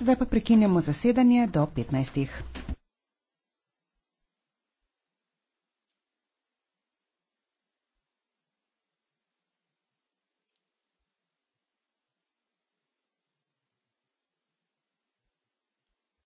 Zdaj pa prekinjamo zasedanje do 15.